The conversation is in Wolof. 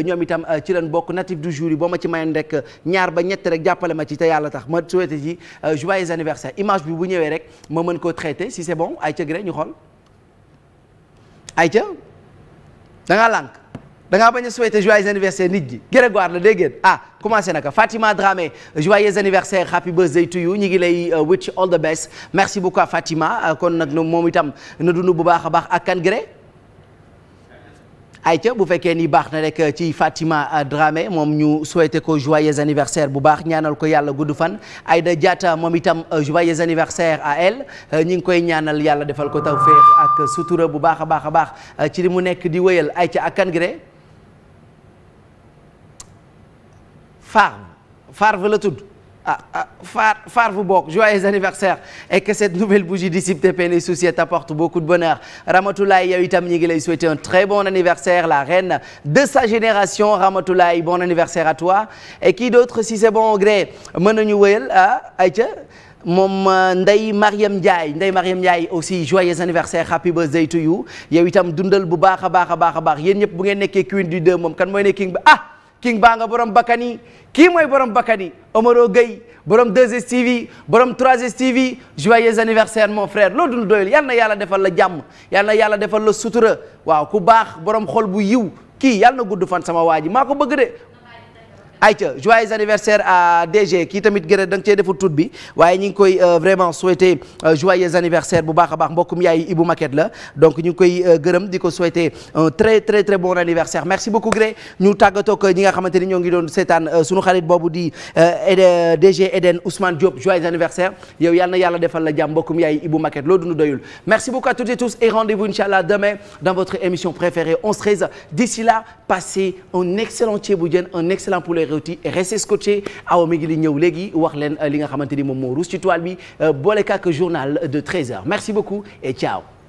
ñoom itam euh, ci leen bokk natif du jour boo ma ci mayoon rek euh, ñaar ba ñett rek jàppale ma ci te yàlla tax ma souhaité ji euh, joyeux anniversaire image bi bu ñëwee rek ma mën koo traité si c'est bon ay Gré ñu xool Aïcha da ngaa lànk da ngaa bañ a souhaité joyeux anniversaire nit ji Grégoire la dégg ngeen ah commencé naka Fatima Dramé joyeux anniversaire happy birthday to you ñu ngi lay wish all the best merci beaucoup à Fatima kon nag moom itam na dund bu baax a baax ak kan Gré ay ayca bu fekkee ni baax na rek eh, ci Fatima eh, drame moom ñu souhaité ko joyeux anniversaire bu baax ñaanal ko yàlla gudd fan ay Aïda Diatta moom itam eh, joyeux anniversaire à elle ñi ngi koy ñaanal yàlla defal ko tawféex ak sutura bu baax a baax a baax ci li mu nekk di wéyal ayca ak Kangré Farve Farve la tudd ah ah Far Far vous bokk joyeux anniversaire et que cette nouvelle bougie dissipe tes peines et soucis et t'apporte beaucoup de bonheur Ramatoulaye yow itam ñu ngi lay souhaiter un très bon anniversaire la reine de sa génération Ramatoulaye bon anniversaire à toi et qui d'autre si c'est bon au gré mën nañu wëyal ah Aïcha moom euh, Ndeye Mariam Ndiaye Ndeye Mariam Ndiaye aussi joyeux anniversaire happy birthday to you yow itam dundal bu baax a baax a baax a baax yéen ñëpp bu ngeen nekkee moom kan mooy ne king king baa nga borom bakkan yi kii mooy borom bakkan yi gay Gueye borom 2STV borom 3STV joyeux anniversaire mon frère loolu dul doyul yal na yàlla defal la jàmm yal na yàlla defal la sutura waaw ku baax borom xol bu yiw kii yal na gudd fan sama waa ji maa ko bëgg ayca joyeux anniversaire à DG kii tamit gërë da nga cee deful tuut waaye ñu ngi koy euh, vraiment souhaiter euh, joyeux anniversaire bu baax a baax mbokkum yaay Ibou Maquette la donc ñu ngi koy euh, gërëm di ko souhaiter un très très très bon anniversaire merci beaucoup Gré ñu tàggatoo ak ñi nga xamante ni ñoo ngi doon seetaan sunu xarit boobu di DG Eden Ousmane Diop joyeux anniversaire yow yal na yàlla defal la jàmm mbokkum yaay Ibou Maquette loo dund doyul merci beaucoup à toutes et tous et rendez Leewtoo restez scotché awa mi ngi li ñëw léegi wax leen euh, li nga xamante ni moom moo ruus ci toile bi euh, boole kàkk journal de 13 merci beaucoup et ciao.